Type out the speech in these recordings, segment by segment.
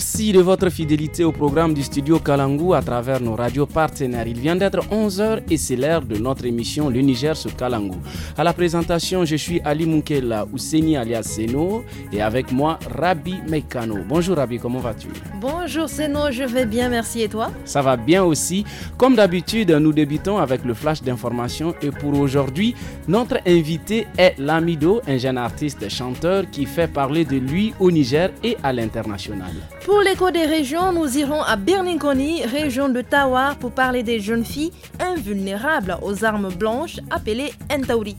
Merci. de votre fidélité au programme du studio Kalangu à travers nos radios partenaires. Il vient d'être 11h et c'est l'heure de notre émission Le Niger sur Kalangu. À la présentation, je suis Ali Moukela Ouseni alias Seno et avec moi Rabi Meikano. Bonjour Rabi, comment vas-tu Bonjour Seno, je vais bien, merci et toi Ça va bien aussi. Comme d'habitude, nous débutons avec le flash d'information et pour aujourd'hui, notre invité est Lamido, un jeune artiste chanteur qui fait parler de lui au Niger et à l'international. Pour les pour des régions, nous irons à Birningoni, région de Tawar, pour parler des jeunes filles invulnérables aux armes blanches appelées Ntauri.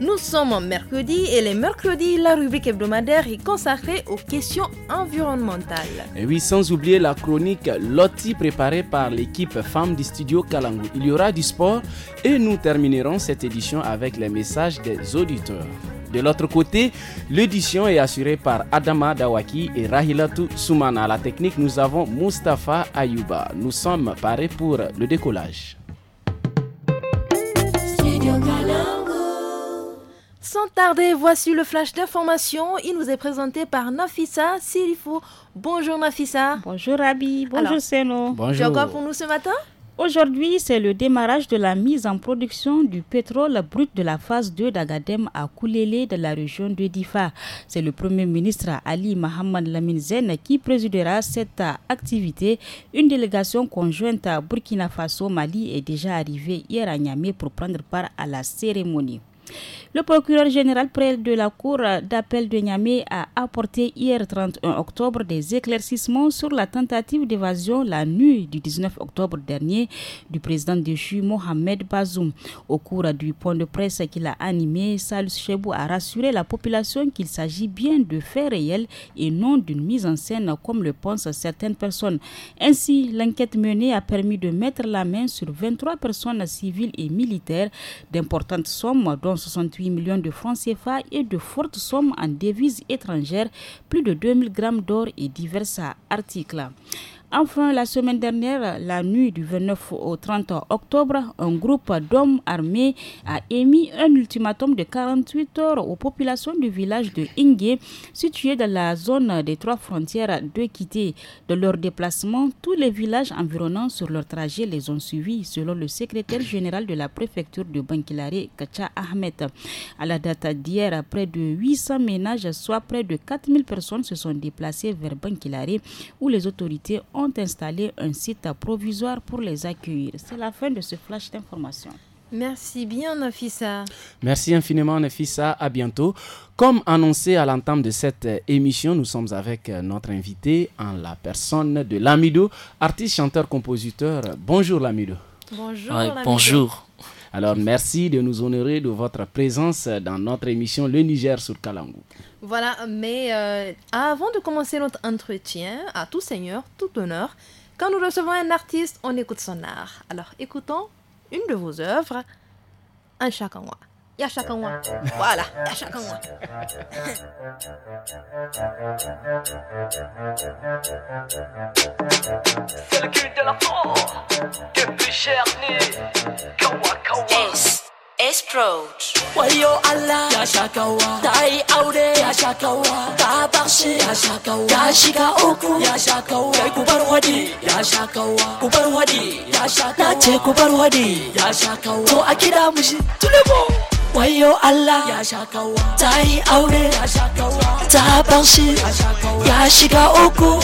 Nous sommes mercredi et les mercredis, la rubrique hebdomadaire est consacrée aux questions environnementales. Et oui, sans oublier la chronique Lotti préparée par l'équipe femme du studio Kalangu. Il y aura du sport et nous terminerons cette édition avec les messages des auditeurs. De l'autre côté, l'édition est assurée par Adama Dawaki et Rahilatu Soumana. la technique, nous avons Mustafa Ayuba. Nous sommes parés pour le décollage. Sans tarder, voici le flash d'information. Il nous est présenté par Nafissa Sirifou. Bonjour Nafissa. Bonjour Rabi. Bonjour Seno. Bonjour. Tu encore pour nous ce matin Aujourd'hui, c'est le démarrage de la mise en production du pétrole brut de la phase 2 d'Agadem à Koulélé de la région de Difa. C'est le Premier ministre Ali Mohamed Lamine qui présidera cette activité. Une délégation conjointe à Burkina Faso, Mali est déjà arrivée hier à Niamey pour prendre part à la cérémonie. Le procureur général près de la Cour d'appel de Niamey a apporté hier 31 octobre des éclaircissements sur la tentative d'évasion la nuit du 19 octobre dernier du président déchu Mohamed Bazoum. Au cours du point de presse qu'il a animé, Salus Chebou a rassuré la population qu'il s'agit bien de faits réels et non d'une mise en scène comme le pensent certaines personnes. Ainsi, l'enquête menée a permis de mettre la main sur 23 personnes civiles et militaires d'importantes sommes dont 68 millions de francs CFA et de fortes sommes en devises étrangères, plus de 2000 grammes d'or et divers articles. Enfin, la semaine dernière, la nuit du 29 au 30 octobre, un groupe d'hommes armés a émis un ultimatum de 48 heures aux populations du village de Inge, situé dans la zone des trois frontières, de quitter de leur déplacement tous les villages environnants sur leur trajet les ont suivis, selon le secrétaire général de la préfecture de Bankilare, Kacha Ahmed. À la date d'hier, près de 800 ménages, soit près de 4000 personnes, se sont déplacées vers Bankilare, où les autorités ont ont installé un site provisoire pour les accueillir. C'est la fin de ce flash d'information. Merci bien, Nafissa. Merci infiniment, Nafissa. À bientôt. Comme annoncé à l'entame de cette émission, nous sommes avec notre invité en la personne de Lamido, artiste, chanteur, compositeur. Bonjour, Lamido. Bonjour. Bonjour. Alors, merci de nous honorer de votre présence dans notre émission Le Niger sur Kalangou. Voilà, mais euh, avant de commencer notre entretien, à tout seigneur, tout honneur, quand nous recevons un artiste, on écoute son art. Alors écoutons une de vos œuvres, un chacun moi. Ya chacun moi. Voilà, ya chacun moi. C'est le cul Proud. Wayo Allah ya sha kawa, ta yi aure ya sha kawa, ta bashi ya sha kawa, ta shiga uku ya sha kai ku bar wadi ya sha ku bar wadi ya sha kawa, na ce ku bar wadi ya sha to a kira mushi tulebo. wayo Allah ya sha kawa ta yi aure ya sha kawa ta banshi ya shiga uku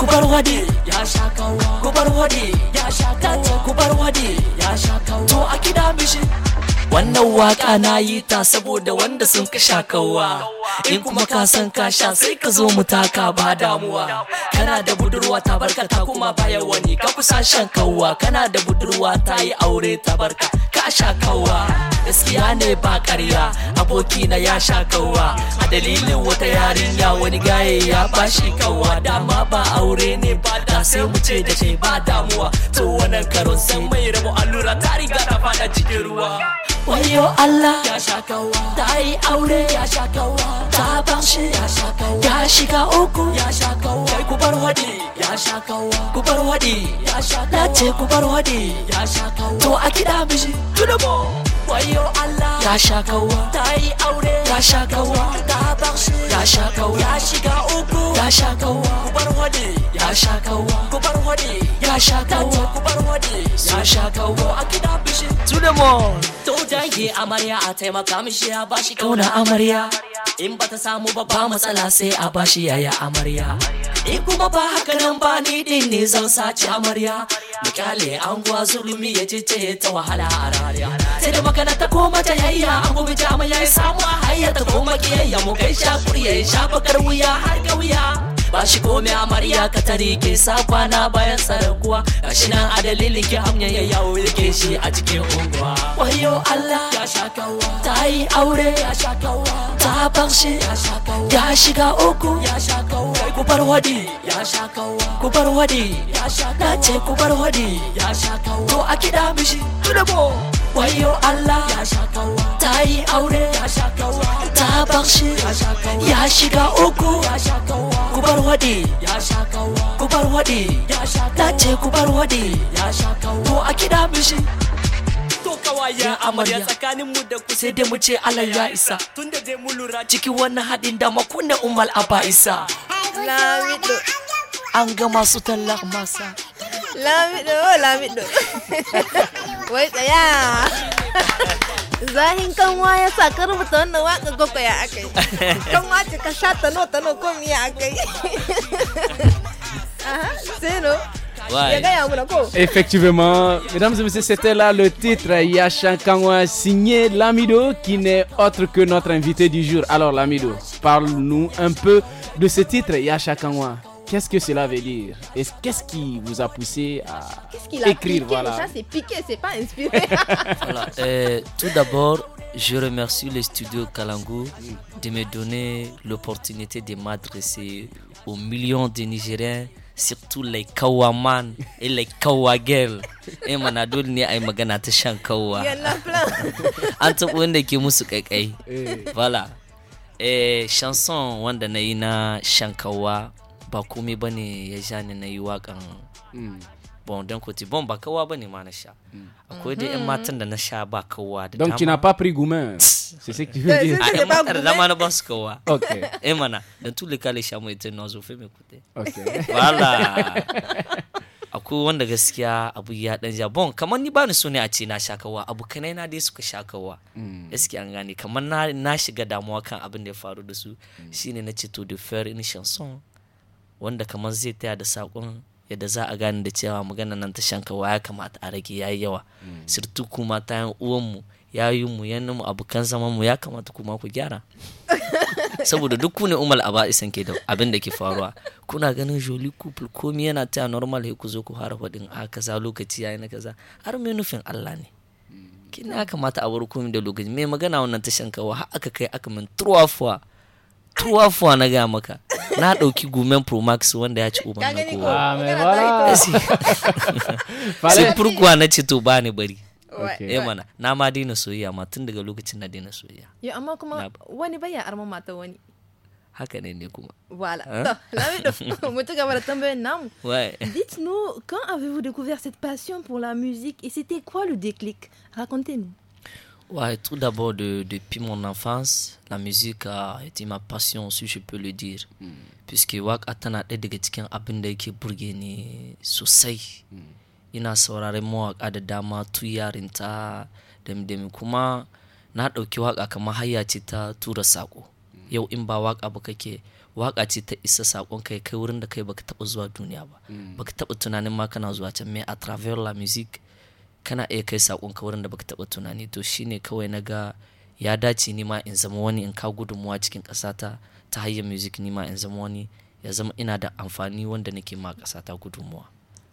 ku bar wadi ya sha ku bar wadi ya sha kawa ku bar wadi ya sha to a Mushi, Tulebo. wannan waka na yi ta saboda wanda sun ka sha kawa in kuma ka san ka sha sai ka zo mu taka ba damuwa kana da budurwa ta barka ta kuma baya wani ka kusa shan kawa kana da budurwa ta yi aure ta barka ka sha kawa gaskiya ne ba ƙarya aboki na ya sha kawa a dalilin wata yarinya wani gaye ya bashi kawa dama ba aure ne ba da sai mu ce da shi ba damuwa to wannan karon sai mai rabo allura ta riga ta fada cikin ruwa wayo Allah ya sha kawa ta yi aure ya sha kawa ta bashi ya sha kawa ya shiga uku ya sha kawa kai ku bar wadi ya sha kawa ku bar wadi ya sha kawa na ce ku bar wadi ya sha kawa to a kida mishi tudubo wayo Allah ta sha kawa ta yi aure ta sha kawa ta barshe ya sha kawa ya shiga uku ya sha kawa kubar hode ya sha kawa kubar hode ya sha kawa kubar hode ya sha kawa a gida bishi to the mall to dangi amarya a taimaka mishi ya bashi kauna amarya in bata samu ba ba matsala sai a bashi yaya amarya in kuma ba haka nan ba ni din ne zan sace amarya Mikale anguwa zulumi ya jice ta wahala a rariya. Sai da magana ta koma jayayya an gobe jami'a ya samu a hayya ta koma kiyayya mu kai shakuri ya shafa wuya har ga wuya. ba shi komai amarya ka tare ke sa kwana bayan sarakuwa gashi nan a dalilin ki amnya ya yawo rike shi a cikin unguwa wayo Allah ya shakawa ta yi aure ya shakawa ta farshe ya shakawa ya shiga uku ya shakawa kawa ku bar wadi ya shakawa kawa ku bar wadi ya shakawa kawa na ce ku bar wadi ya shakawa kawa to a kida mishi tudabo wayo Allah ta tai aure ta barshi ya shiga uku kubar wadi ya wade na ce shaka wa to a kida mishi to kawayen amarya tsakanin mu da ku sai dai mu ce Allah ya isa tunda dai mu lura cikin wannan hadin da makunna ummal aba isa lamido an ga masu tallar masa lamido oh, Effectivement, mesdames et messieurs, c'était là le titre Yasha Kangwa signé Lamido qui n'est autre que notre invité du jour. Alors Lamido, parle-nous un peu de ce titre Yasha Kangwa. Qu'est-ce que cela veut dire qu'est-ce qui vous a poussé à écrire piqué, voilà. Ça, c'est piqué, c'est pas inspiré. voilà, euh, tout d'abord, je remercie le studio Kalangu de me donner l'opportunité de m'adresser aux millions de Nigériens surtout les kawaman et les kawagel Et mon dole ne ai magana ta shan kawa an wanda eh. voilà chanson wanda Naina yi ba komai ba ne ya sha ni na yi waƙan mm. bon don kuti bon ba kowa ne ma na sha mm. akwai dai yan matan da na sha ba kowa da don kina papri pas sai sai ki ce a tu eh, veux yan matan da ma na ba su kowa ok eh, eh mana dans tuli les sha mai chats m'ont fi mai au ok wala akwai wanda gaskiya abu ya dan ja bon kamar ni ni so ne a ce na sha kawa abu kanai na dai suka sha kawa mm. gaskiya an gane kamar na shiga damuwa kan abin da ya faru da su shine na ce to the fair in chanson wanda kamar zai taya da saƙon yadda za a gane da cewa magana nan ta wa ya kamata a rage yayi yawa mm. sirtu kuma ta yan uwanmu yayinmu yanninmu abokan zaman mu ya kamata kuma ku gyara saboda duk ku ne a aba isan ke da abin da ke faruwa kuna ganin joli ku komi yana taya normal ku zo ku fara faɗin a kaza lokaci yayi na kaza har mai nufin Allah ne mm. kina ya kamata a bar komi da lokaci mai magana wannan tashan kawa har aka kai aka min turawa tuwafu na ga maka na ɗauki gumen pro max wanda ya ci uban na kowa ah, eh, sai furkuwa na ce to ba ni bari eh mana na ma daina soyayya ma tun daga lokacin na daina soyayya ya amma kuma wani bayan arman mata wani haka ne ne kuma voilà to gaba da tambayoyin namu ouais dites nous quand avez-vous découvert cette passion pour la musique et c'était quoi le déclic racontez-nous Ouais, tout d'abord, de, depuis mon enfance, la musique a été ma passion, si je peux le dire. Mm. Puisque wak atana ɗaya daga cikin abin da yake burge ni sosai. Hmm. Ina sauraren mawaƙa da dama tu yarinta dami kuma na ɗauki waƙa kamar hayya ce ta tura saƙo. Hmm. Yau in ba waƙa ba kake waƙa ce ta isa saƙon kai kai wurin da kai baka taɓa zuwa duniya ba. Hmm. Baka taɓa tunanin ma kana zuwa can me a travers la musique kana iya kai saƙonka wurin da baka taɓa tunani to shine kawai na ga ya dace ni ma in zama wani in ka gudunmuwa cikin ƙasata ta hanyar music ni ma in zama wani ya zama ina da amfani wanda nake ma ƙasata gudunmuwa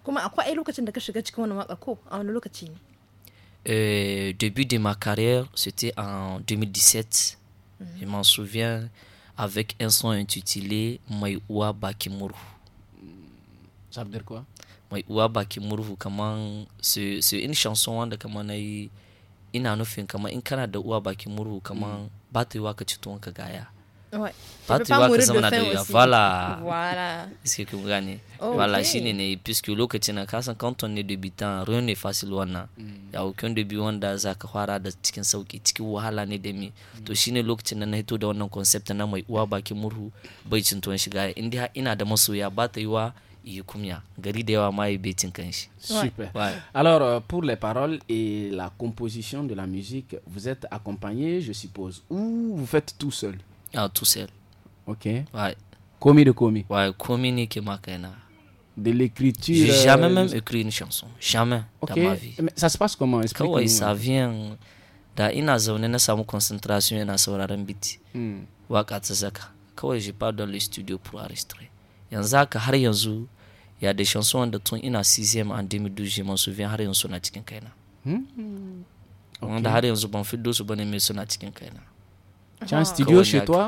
kuma akwai ai lokacin da ka shiga cikin wani waka ko a wani lokaci ne Debut eh, début de ma carrière c'était en 2017 mhm. je m'en souviens avec un son intitulé Maïwa Bakimuru ça veut dire quoi mai uwa bakin murhu kaman su in shanson wanda kaman na yi ina nufin kaman in kana da uwa bakin murhu kaman ba ta yiwa ka ci tuwon ka gaya ba ta yiwa ka zama da yiwa vala iske kun gane vala shi ne ne puisque lokaci na kasan kanton ne tan ruwan ne fasil wannan mm. ya hukun dubi wanda za ka fara da cikin sauki cikin wahala ne da mi mm. to shi ne lokacin da na hito da wannan concept na mai uwa bakin murhu bai cin tuwon shiga inda ina da masoya ba ta wa ya gari da yawa baitin kanshi super alors euh, pour les paroles et la composition de la musique vous êtes accompagné je suppose ou vous faites tout seul ah tout seul ok ouais Komi de Komi ouais commis ni que makaina de l'écriture j'ai jamais euh, même écrit une chanson jamais okay. dans ma vie mais ça se passe comment explique Kawai, ça vient da ina zaune na samu concentration ina sauraron biti de hmm. waka ta kawai je pars dans le studio pour enregistrer yanzu haka har yanzu il y a des chansons da tun ina 6e en 2012 je m'en souviens har yanzu suna cikin kaina. Wanda har yanzu ban fiddo su bane mai suna cikin kaina. Can studio chez toi?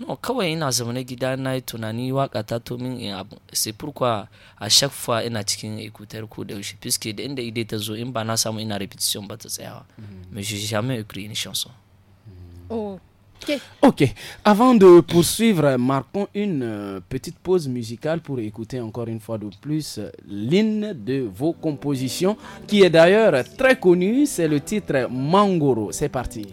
Non, kawai ina zaune gida na yi tunani waka ta to min ah in abu. C'est pourquoi a chaque fois ina cikin écouteur ko da yaushe puisque da inda ide ta zo in ba na samu ina repetition ba ta hmm. Mais j'ai jamais écrit une chanson. Oh ok. Avant de poursuivre, marquons une euh, petite pause musicale pour écouter encore une fois de plus euh, l'une de vos compositions, qui est d'ailleurs très connue. C'est le titre Mangoro. C'est parti.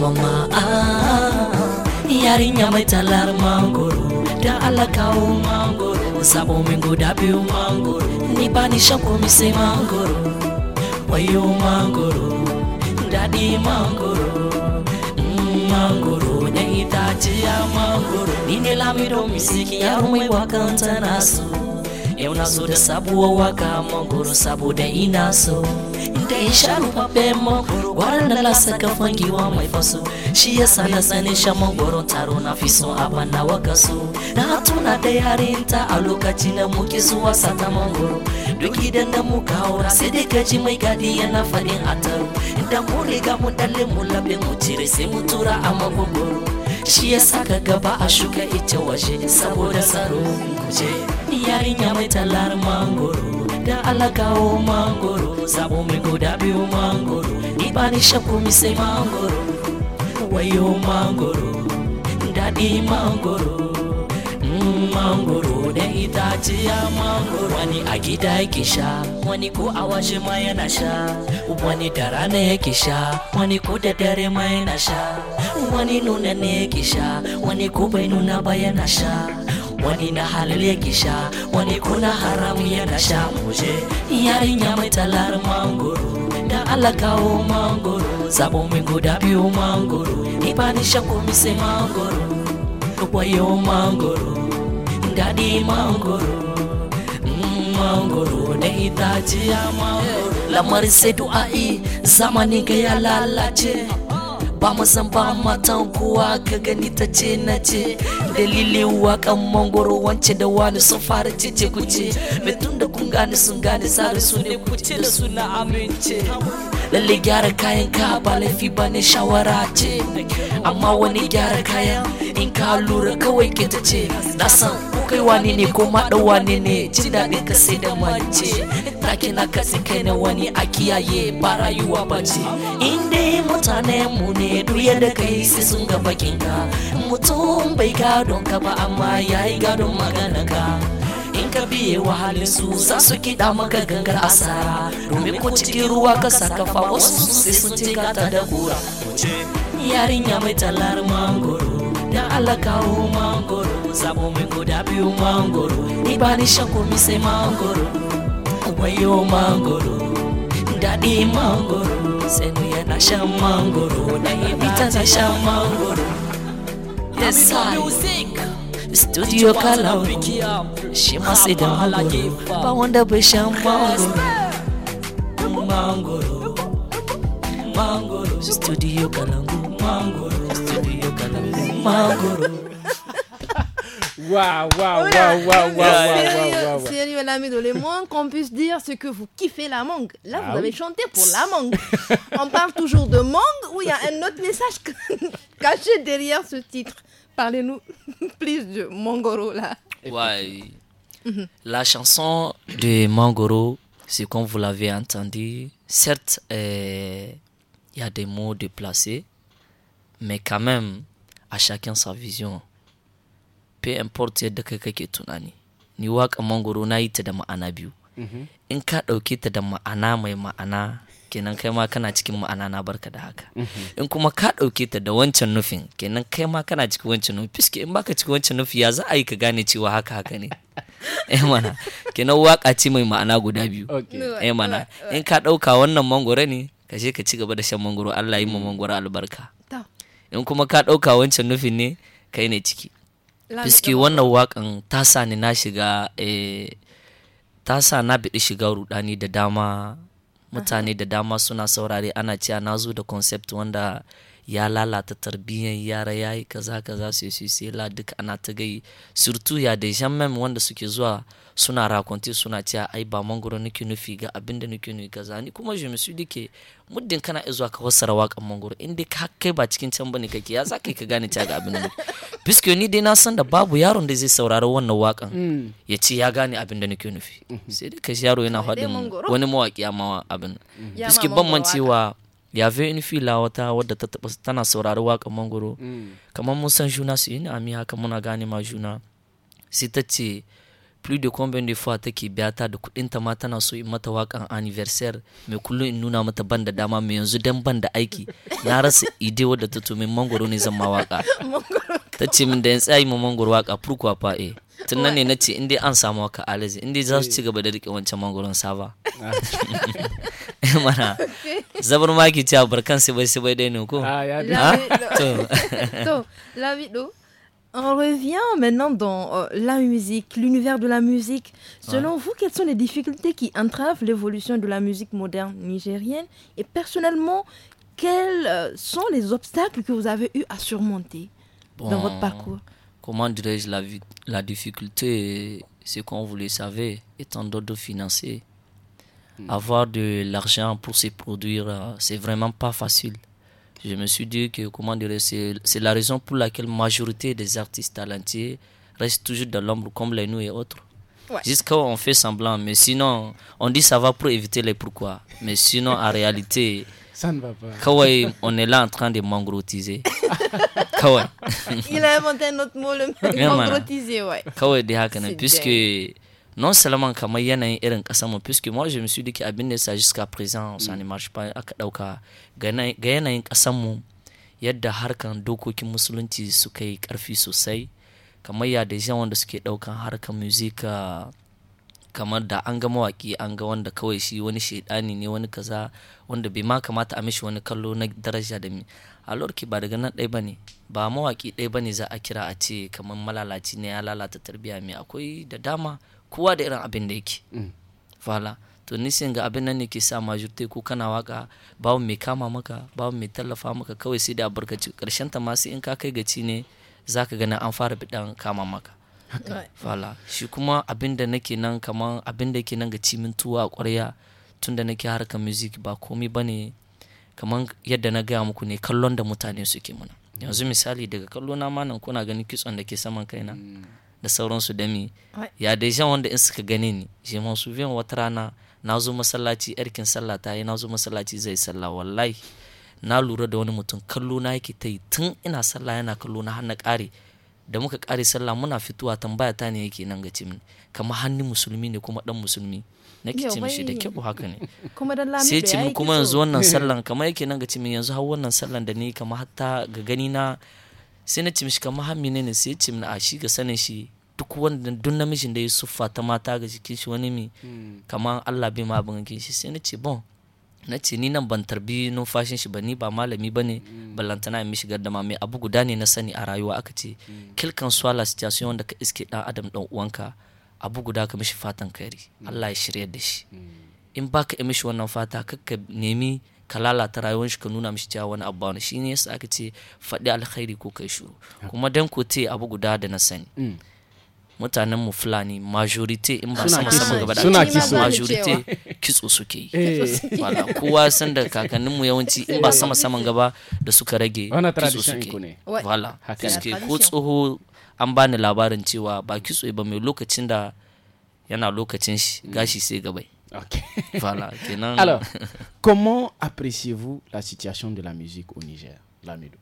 mama ah, yari nyama talar mangoro da alakao mangoro sabo mingo dabiu mangoro nibanishakomise mangoro wayo mangoro dadi mangoro mm, mangoro nyaitatiya mangoro ninelamido misiki yarumewakantanasu yau na zo da sabuwar waka mangoro saboda ina so da in sha rufaffen mangoro gwaran da lasa kafan giwa mai faso shi ya sana sani sha mangoro taro na fi son abin na waka so na tuna da yarinta a lokacin da muke zuwa sata mangoro duk idan da muka haura sai dai gaji mai gadi yana faɗin a taro idan mun riga mun dalle mun labe mu cire sai mu tura a magogoro shi ya saka gaba a shuka ita waje saboda tsaro kuje yarinya mai talar mangoro da alakawo mangoro zabo mai guda biyu mangoro ni ba ni shaku mi sai mangoro wayo mangoro daɗi mangoro mm, mangoro tatiya mangorwani akita ekisha mwaniku awashe mayanasha umwani darane ekisha mwanikudedere mayanasha umwani nunane ekisha wanikubainuna bayanasha wanina halele ekisha wanikuna haramu yanasha muje yari nyama italar mangoru da alakao mangoru sabo mingudapi umangoru ipanisha kumise mangoru kokwayo mangoru, mangoru. daɗi mangoro mm, mangoro da itaciya mangoro lamarin sai du'a'i zamani ga ya lalace ba san ba matan kowa ka gani ta ce na ce dalilin wakan mangoro wance da wani sun fara cece kuce mai tun da kun gane sun gane sare su ne kuce da suna amince lalle gyara kayan ka ba laifi ba ne shawara ce amma wani gyara kayan in ka lura kawai ke ta ce na san kai wani ne ko maɗa wani ne ji daɗin ka sai da mace taki na ka kai na wani a kiyaye ba rayuwa ba ce in mutane mu ne duya da kai sai sun ga bakin mutum bai gadon ka ba amma yayi gadon magana ka in ka biye wahalin su za su kiɗa maka gangar asara domin ko cikin ruwa ka saka fa wasu sai sun ce kata da kura yarinya mai talar mangoro da Allah kawo mangoro zabo mai guda biyu mangoro ni ba ni shan komi sai mangoro wayo mangoro daɗi mangoro sanu yana shan mangoro na yi tana shan mangoro Yes, I. Music. studio color. She must say the mango. Studio color. Mango. Studio color. Mango. Waouh, waouh, waouh, waouh, waouh. Sérieux, l'amido, On moins qu'on puisse dire, ce que vous kiffez la mangue. Là, ah vous avez chanté pour la mangue. On parle toujours de mangue Ou il y a un autre message caché derrière ce titre. Parlez-nous plus de Mangoro là. Ouais. Mhm. La chanson de Mangoro, c'est comme vous l'avez entendu. Certes, euh, il y a des mots déplacés, mais quand même, à chacun sa vision. pay port yadda kai kake tunani ni waƙa mangoro na yi ta da ma'ana biyu mm-hmm. in ka ɗauke ta da ma'ana mai ma'ana kenan kai ma kana cikin ma'ana na barka da haka mm-hmm. in kuma ka ɗauke ta da wancan nufin kenan kai ma kana cikin wancan nufin, fiske in baka cikin wancan nufi ya za a yi ka gane cewa haka haka ne eh mana kenan waka ce mai ma'ana guda biyu eh mana in ka ɗauka wannan mangoro ne ka je ka ci gaba da shan mangoro Allah yi ma mangoro albarka in kuma ka ɗauka wancan nufin ne kai ne ciki Biski wannan wakan ta sa ni na shiga eh, ta sa na biɗi shiga rudani da dama mutane da dama suna saurare ana cewa na zo da concept wanda ya lalata tarbiyyar yara ya yi kaza kaza sai sai sai la duk ana ta gai surtu ya da jan mem wanda suke zuwa suna rakonti suna cewa ai ba mangoro nake nufi ga abin da nake nufi kaza ni kuma je musu dike muddin kana zuwa ka wasara wakan mangoro in dai ka kai ba cikin can bane kake ya za kai ka gane cewa ga abin da ni dai na san da babu yaron da zai saurari wannan wakan mm. ya ce ya gane abin da nake nufi mm-hmm. sai dai ka yaro yana faɗin wani mawaƙi amma abin mm-hmm. biske ban man cewa ya ve in fila wata wadda ta taba tana saurari waka mangoro mm. kamar mun san juna su ni ami haka muna gane ma juna sai ta ce plus de combien de fois take biya ta da kudin ta ma tana so in mata waƙan anniversaire mai kullum in nuna mata ban da dama mai yanzu dan ban da aiki na rasa ide wadda ta tumi mangoro ne zan ma waƙa ta ce min da yan tsayi ma mangoro waka furkuwa fa'e eh. tun nan ne na ce in dai an samu waka alizi in dai za su eh. ci gaba da rike wancan mangoron saba ah. On revient maintenant dans euh, la musique, l'univers de la musique. Selon vous, quelles sont les difficultés qui entravent l'évolution de la musique moderne nigérienne Et personnellement, quels euh, sont les obstacles que vous avez eu à surmonter dans votre parcours Comment dirais-je la, difficulté C'est qu'on vous le savez, étant de financier. Hmm. Avoir de l'argent pour se produire, euh, c'est vraiment pas facile. Je me suis dit que, comment dire, c'est la raison pour laquelle la majorité des artistes talentueux restent toujours dans l'ombre, comme les nous et autres. Ouais. Jusqu'à on fait semblant, mais sinon, on dit ça va pour éviter les pourquoi. Mais sinon, en réalité, on est là en train de mangrotiser. Il a inventé un autre mot, le mangrotiser, ouais. Hein, puisque. Bien non seulement kamar yanayin irin kasar mu puisque moi je me suis dit que abin da ya jusqu'à présent ça ne marche pas aka dauka ga yanayin kasar mu yadda harkan dokokin musulunci suka yi karfi sosai kamar ya da wanda suke daukan harkan musika kamar da an ga mawaki an ga wanda kawai shi wani shaidani ne wani kaza wanda bai ma kamata a mishi wani kallo na daraja da mi a lorki ba daga nan ɗaya bane ba mawaki ɗaya bane za a kira a ce kamar malalaci ne ya lalata tarbiyya mai akwai da dama kowa da irin abin da yake fala mm. to nisan ga abin nan ne ke sa majurte ko kana waka babu mai kama maka babu mai tallafa maka kawai sai da albarkaci karshen ta masu in ka kai gaci ne ka gana an fara bidan kama maka fala shi kuma abin da nake nan kamar abin da ke nan ga cimin tuwa a ƙwarya tun da nake harkar music ba komai bane kamar yadda na gaya muku ne kallon da mutane suke muna yanzu misali daga kallo na ma nan kuna ganin kitson da ke saman kaina mm. da sauransu da mi ya dai jan wanda in suka gane ni je man su biyan wata rana na zo masallaci yarkin sallah ta yi na zo masallaci zai sallah wallahi na lura da wani mutum kallo na yake ta yi tun ina sallah yana kallo na hannu na kare da muka kare sallah muna fitowa tambaya ta ne yake nan gaci cimin kamar hannu musulmi ne kuma dan musulmi na ce mishi da kyau haka ne sai ce min kuma yanzu wannan sallan kamar yake nan gaci min yanzu har wannan sallan da ni kamar hatta ga gani na sai na ce mishi kamar ne menene sai ya min a shi ga sanin shi duk wanda duk namijin da ya sufa ta mata ga jikin shi wani mi kamar Allah bai ma abin shi sai na ce bon na ce ni nan ban tarbi numfashin shi ba ni ba malami ba ne ballantana in mishi gardama mai abu guda ne na sani a rayuwa aka ce kilkan swala situation wanda ka iske dan adam dan uwanka abu guda ka mishi fatan kairi Allah ya shirya da shi in baka yi mishi wannan fata ka nemi ka lalata rayuwar shi ka nuna mishi cewa wani abu wani shi ne yasa aka ce faɗi alkhairi ko kai shuru kuma dan ko te abu guda da na sani mm. mutanen mu fulani majority in ba sama sama gaba da majority kitso suke yi eh. wala kowa san da kakannin mu yawanci in ba sama saman gaba da suka rage kitso suke wala suke ko tsoho an bani labarin cewa ba kitso ba mai lokacin da yana lokacin shi mm. gashi sai gabai Okay. voilà. Alors, comment appréciez-vous la situation de la musique au Niger, Lamidou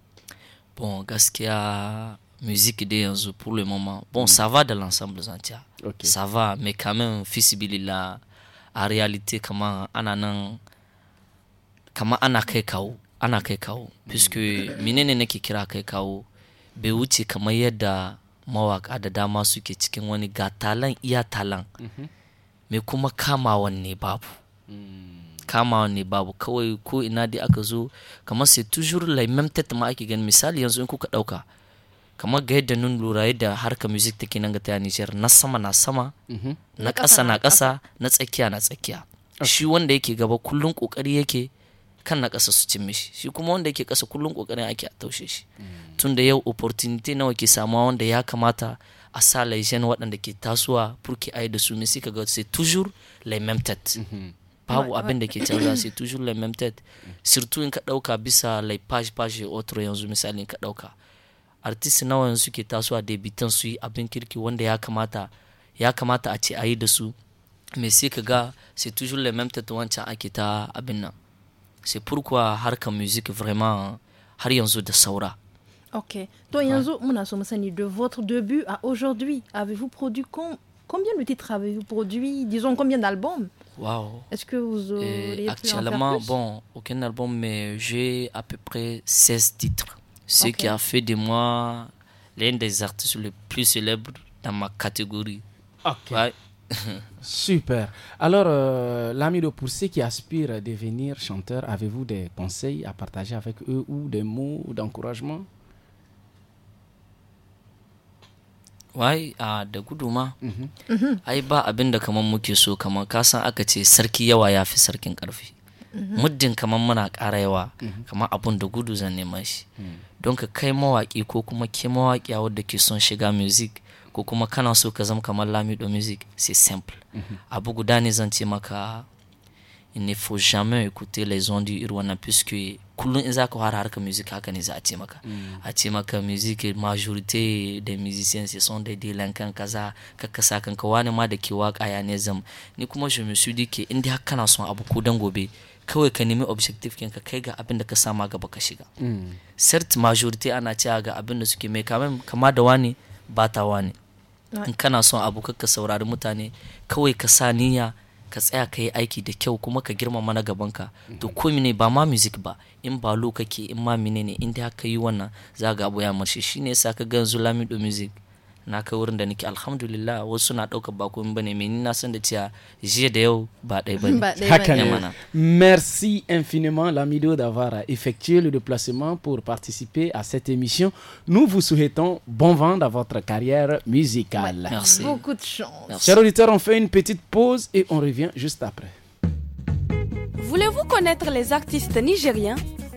Bon, gaskiya musique dai yanzu pour le moment bon mm. ça va dans l'ensemble zantiya okay. ça va mais quand même là, en réalité comment ana nan kaman ana kai kawo ana kai kawo puisque menene hmm. nake kira kai kawo bai wuce kamar yadda mawaka da dama suke cikin mhm. wani ga talan iya talan mm -hmm. me kuma kamawan ne babu hmm. Kama Wani babu kawai ko ina dai aka zo kamar sai toujours la même tête ma ake gani misali yanzu in kuka dauka kamar ga yadda nun lura yadda harkar music take nan ga ta Niger na sama na sama mhm. na ƙasa na ƙasa na tsakiya na tsakiya shi wanda yake gaba kullun kokari yake kan na ƙasa su cin mishi shi kuma wanda yake ƙasa kullun kokari ake taushe shi mm. tun da yau opportunity nawa ke samuwa wanda ya kamata a sa laishen waɗanda ke tasowa furki ai da su misi ga sai toujours les mêmes mhm. babu abin da ke canza sai toujours les mêmes têtes surtout in ka ɗauka bisa lai page page otro yanzu misali ka ɗauka artist nawa yanzu suke tasowa debitan su yi abin kirki wanda ya kamata ya kamata a ce a yi da su mai sai ka ga c'est toujours le même tête wancan ake ta abin nan c'est pourquoi harkar music vraiment har yanzu da saura ok to yanzu muna so mu sani de votre début à aujourd'hui avez-vous produit com combien de titres avez-vous produit disons combien d'albums Wow. Est-ce que vous auriez Et Actuellement, en faire plus? bon, aucun album, mais j'ai à peu près 16 titres ce qui a fait de moi l'un des artistes les plus célèbres dans ma catégorie. Ok, Ouais. Super. Alors, euh, l'ami de pour ceux qui aspirent à devenir chanteur, avez-vous des conseils à partager avec eux ou des mots d'encouragement Oui, a ah, de guduma, mhm. mhm. ai ba abin kaman kamar muke so, kamar kasan aka ce sarki yawa ya fi sarkin karfi. Mm-hmm. muddin kamar muna ƙara yawa mm-hmm. kamar abun da gudu zan nema shi mm. don ka kai mawaƙi ko kuma ke a wadda ke son shiga music ko kuma kana so ka zama kamar lamido music sai simple mm-hmm. abu guda ne zan ce maka il ne faut jamais écouter les ondes du Rwanda puisque kullum in zaka fara harkar music haka ne za a ce maka mm. a ce maka music majorité des musiciens ce sont des délinquants kaza kakka sa kanka wani ma da ke waka ya ne zam ni kuma je me suis dit que kana son abu ko dan gobe kawai ka nemi objective ka kai ga abin da ka sama gaba ka shiga mm. cert majority ana cewa ga abin da suke mai kama da wani ba ta wani in kana son abu ka saurari mutane kawai ka sa niyya ka tsaya ka yi aiki da kyau kuma ka girmama na gabanka mm. to ko ne ba ma music ba in ba lo kake in ma mine ne in da ka yi wannan za ga abu ya marshe shine yasa ka ga yanzu lamido music merci infiniment l'amido d'avoir effectué le déplacement pour participer à cette émission nous vous souhaitons bon vent dans votre carrière musicale merci beaucoup de chance chers auditeurs on fait une petite pause et on revient juste après Voulez-vous connaître les artistes nigériens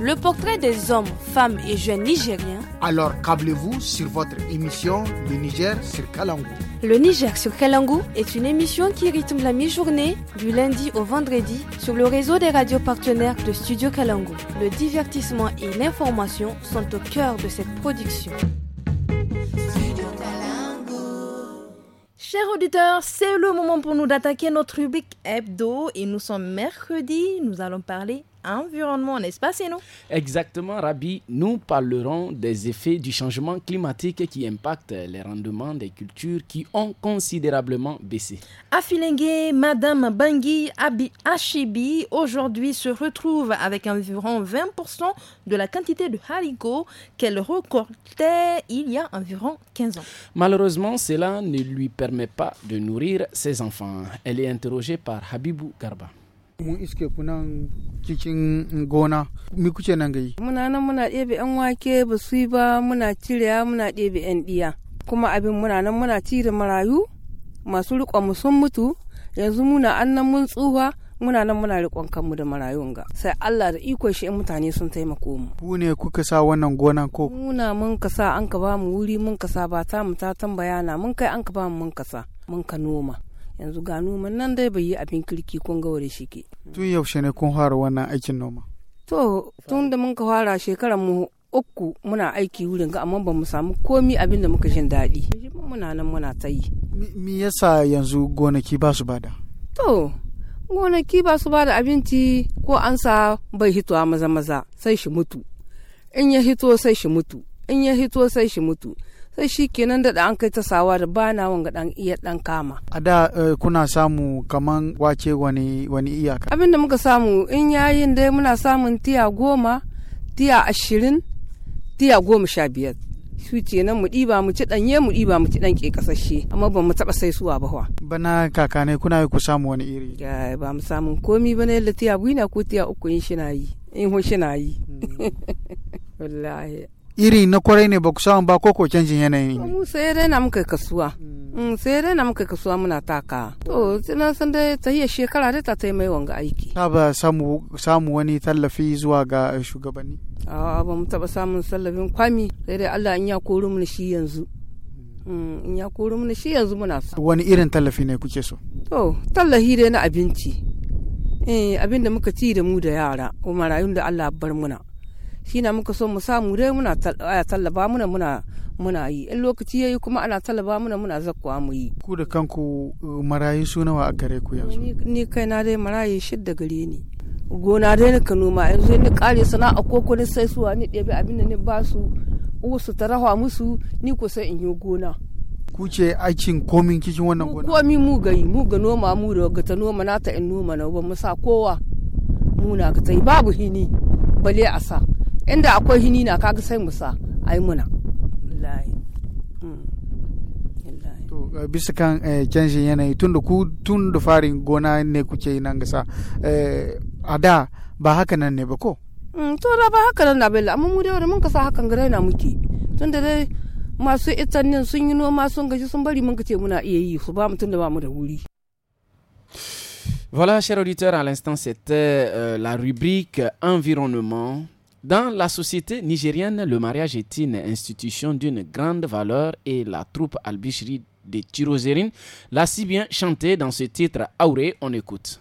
le portrait des hommes, femmes et jeunes nigériens. Alors câblez-vous sur votre émission Le Niger sur Kalangou. Le Niger sur Kalangou est une émission qui rythme la mi-journée du lundi au vendredi sur le réseau des radios partenaires de Studio Kalangou. Le divertissement et l'information sont au cœur de cette production. Chers auditeurs, c'est le moment pour nous d'attaquer notre rubrique hebdo et nous sommes mercredi, nous allons parler environnement, n'est-ce pas, nous Exactement, Rabi. Nous parlerons des effets du changement climatique qui impactent les rendements des cultures qui ont considérablement baissé. Afilengue, Madame Bangui Abi Achibi, aujourd'hui se retrouve avec environ 20% de la quantité de haricots qu'elle recortait il y a environ 15 ans. Malheureusement, cela ne lui permet pas de nourrir ses enfants. Elle est interrogée par Habibou Garba. mun iske kunan cikin gona mi kuce nan gayi muna nan muna ɗebe yan wake ba su ba muna cirewa muna ɗebe yan ɗiya kuma abin muna nan muna cire marayu masu riƙon mu sun mutu yanzu muna an mun tsuwa muna nan muna riƙon kanmu da marayun ga sai Allah da iko shi in mutane sun taimako mu ku ne kuka sa wannan gona ko muna mun kasa an ka ba mu wuri mun kasa ba ta mu ta tambaya na mun kai an ka ba mu mun kasa mun ka noma yanzu ga noman nan dai bai yi abin kirki kun ga wuri shike tun yaushe ne kun fara wannan aikin noma to tun da mun ka fara shekaran mu uku muna aiki wurin ga amma bamu samu komi abin da muka jin daɗi muna nan muna ta yi me yasa yanzu gonaki ba su bada to gonaki ba su bada abinci ko an sa bai hitowa maza maza sai shi mutu in ya hito sai shi mutu in ya hito sai shi mutu sai shi kenan da an kai ta sawa da ba na wanga dan iya dan kama a da eh, kuna samu kaman wace wani wani iyaka abin da muka samu in yayin dai muna samun tiya goma tiya ashirin tiya goma sha biyar su ce nan mu ɗiba mu ci ɗanye mu ɗiba mu ci ɗan ke ƙasashe. amma ba mu taɓa sai suwa ba wa. bana kakane kuna yi ku samu wani iri ba mu samun komi bana yalla tiya biyu na ko tiya uku yin shi na yi in hun shi na yi hmm. wallahi iri na kwarai ne ba ku samu ba ko ko canjin yanayi ne. sai dai na muka kasuwa. Mm. Mm, sai dai na muka kasuwa muna taka. To tsinan san dai ta iya shekara dai ta ta mai wanga aiki. Ta ba samu samu wani tallafi zuwa ga shugabanni. A'a ba mu taɓa samun tallafin kwami sai dai Allah in ya koro mu shi yanzu. Mm. In ya koro mu shi yanzu muna so. Wani irin tallafi ne kuke so? To tallafi dai na abinci. Eh abin da muka ci da mu da yara kuma rayun da Allah bar muna. shi na muka so mu samu dai muna tallaba muna muna muna yi in lokaci yayi kuma ana tallaba muna muna zakkuwa mu yi ku da kanku uh, marayi su nawa a gare ku yanzu ni kai na dai marayi shidda gare ni gona dai nika noma yanzu ni kare sana'a ko ko ni sai suwa ni ɗebe abin da ni ba su su ta rawa musu ni ko sai in yi gona ku ce aikin komin kicin wannan gona komi mu gayi mu ga noma mu da ga ta noma na ta in noma na ba mu sa kowa muna ka tai babu hini bale a sa inda akwai hini na kaga sai mu sa yi muna hmm. eh, bisa kan eh, canjin yanayi tun da tun da farin gona ne kuke yi nan gasa eh, a da ba haka nan ne ba ko hmm, to da ba haka nan na bella amma mu da mun kasa hakan gare na muke tun da dai masu itannin sun yi noma sun gaji sun bari mun kace muna iya yi su ba mutum da ba mu da wuri Voilà, chers auditeurs, à l'instant, c'était euh, la rubrique euh, environnement Dans la société nigérienne, le mariage est une institution d'une grande valeur et la troupe albicherie de l'a si bien chanté dans ce titre Auré, on écoute.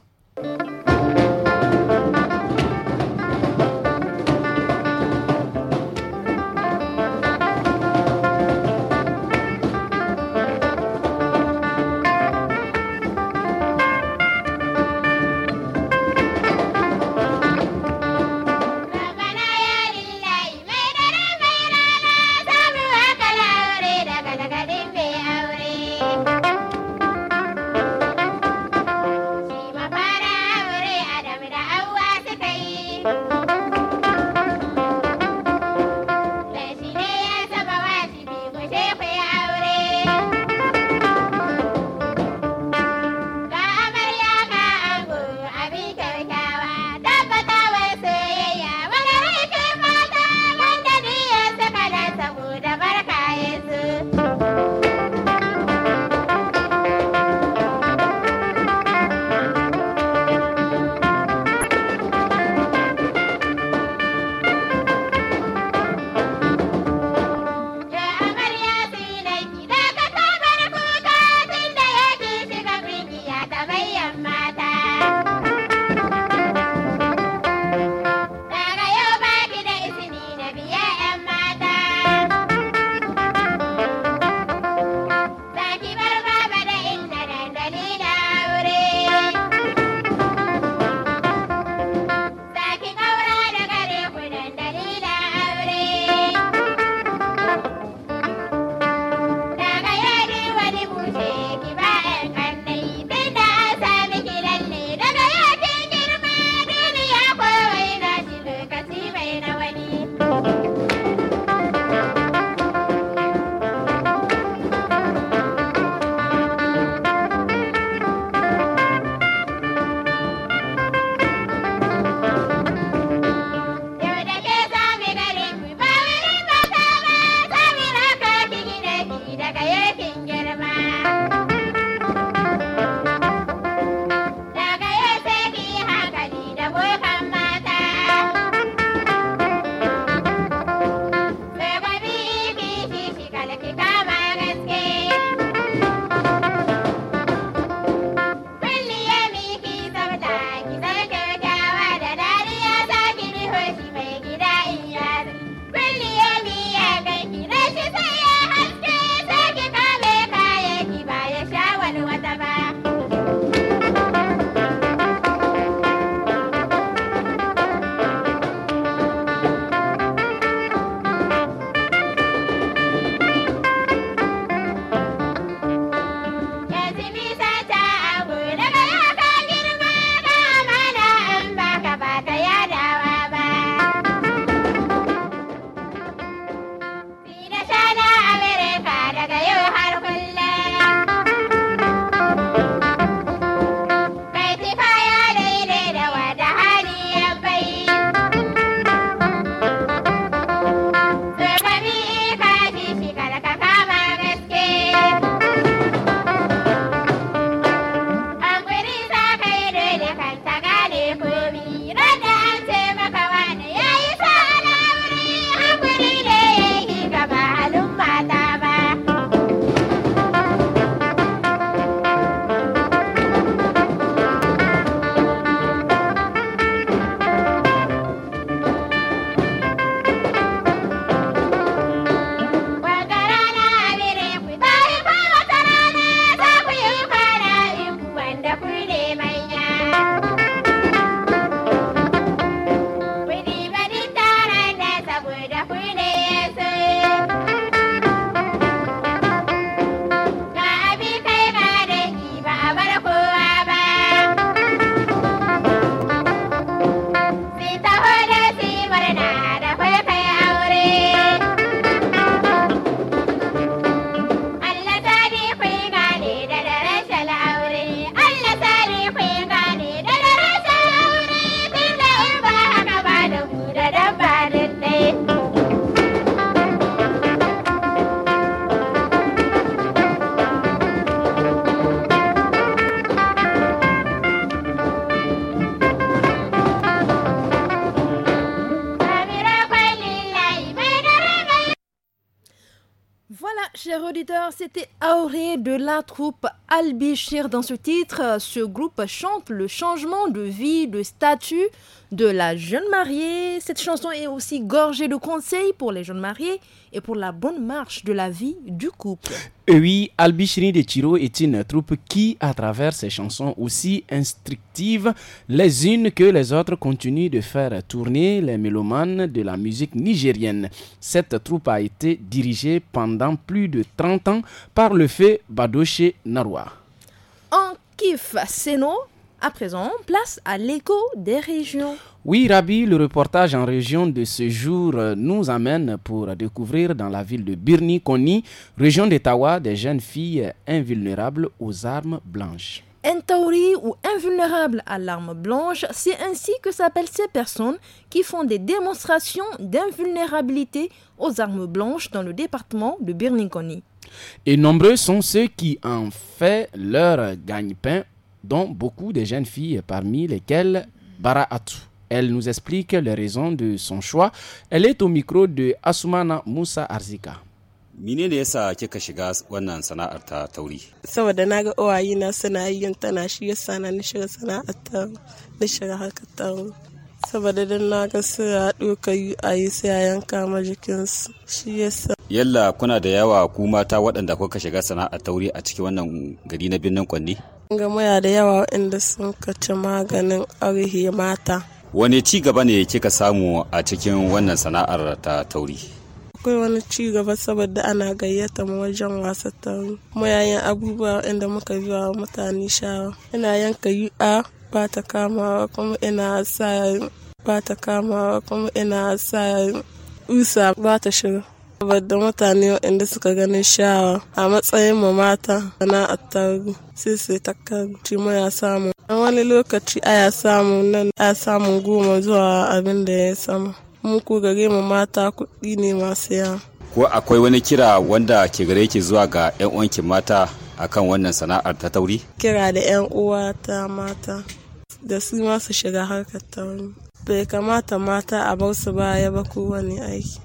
la troupe al dans ce titre, ce groupe chante le changement de vie, de statut de la jeune mariée. Cette chanson est aussi gorgée de conseils pour les jeunes mariés et pour la bonne marche de la vie du couple. oui, Albichini de Tiro est une troupe qui, à travers ses chansons aussi instructives les unes que les autres, continue de faire tourner les mélomanes de la musique nigérienne. Cette troupe a été dirigée pendant plus de 30 ans par le fait Badoche Narwa. En kiff Seno, à présent, place à l'écho des régions. Oui, Rabi, le reportage en région de ce jour euh, nous amène pour découvrir dans la ville de Birni, région d'Etawa, des jeunes filles invulnérables aux armes blanches. Intaori ou invulnérables à l'arme blanche, c'est ainsi que s'appellent ces personnes qui font des démonstrations d'invulnérabilité aux armes blanches dans le département de Birni, Et nombreux sont ceux qui en font leur gagne-pain dont beaucoup de jeunes filles, parmi lesquelles Bara Atou. Elle nous explique les raisons de son choix. Elle est au micro de Asumana Moussa Arzika. mine ne yasa kika shiga wannan sana'ar ta tauri saboda na ga owayi na suna yin tana shi yasa na ni shiga sana'ar ta ni shiga harkar ta saboda dan na ga su a doka yi a yi sai a yanka ma jikinsu shi yalla kuna da yawa ku mata waɗanda kuka shiga sana'a tauri a cikin wannan gari na birnin kwanni ga maya da yawa inda sun kaci maganin arihi mata wani ci gaba ne kika samu a cikin wannan sana'ar ta tauri akwai wani ci gaba saboda ana gayyata mu wajen wasa tauri mu yayin abubuwa inda muka yi wa mutane shawa ina yanka yu'a ba ta kamawa kuma ina sa ba ta kamawa kuma ina sa usa ba ta shiga da mutane waɗanda suka ganin shawa a matsayin mu mata sana'ar tagu sai su ta ci ya samu a wani lokaci ya samu nan a samu goma zuwa abin da ya sama mu ku gare mu mata kuɗi ne masu yawa ko akwai wani kira wanda ke gare ki zuwa ga 'yan uwanki mata akan wannan sana'ar ta tauri kira da 'yan uwa ta mata da su masu shiga harkar tauri bai kamata mata a bar su baya ba kowane aiki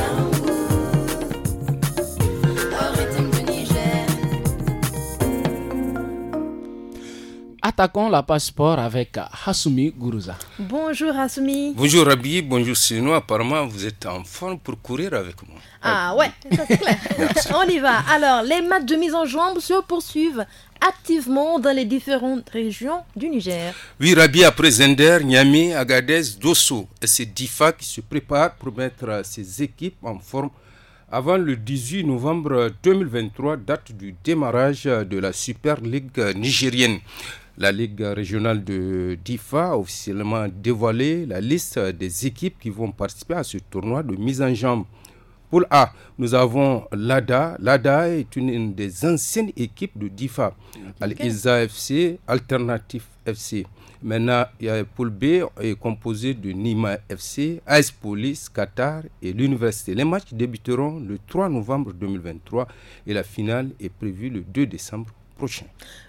Attaquons la passeport avec Hasumi Gourouza. Bonjour Hassoumi. Bonjour Rabi, bonjour Sino. Apparemment, vous êtes en forme pour courir avec moi. Ah, ah. ouais, c'est clair. On y va. Alors, les matchs de mise en jambe se poursuivent activement dans les différentes régions du Niger. Oui, Rabi, après Zender, Niamey, Agadez, Dosso et ces DIFA qui se prépare pour mettre ses équipes en forme avant le 18 novembre 2023, date du démarrage de la Super League nigérienne. La Ligue régionale de DIFA a officiellement dévoilé la liste des équipes qui vont participer à ce tournoi de mise en jambe. Pour A, nous avons l'ADA. L'ADA est une, des anciennes équipes de DIFA. Al-Isa FC, Alternatif FC. Maintenant, il B est composé de Nima FC, Ice Police, Qatar et l'Université. Les matchs débuteront le 3 novembre 2023 et la finale est prévue le 2 décembre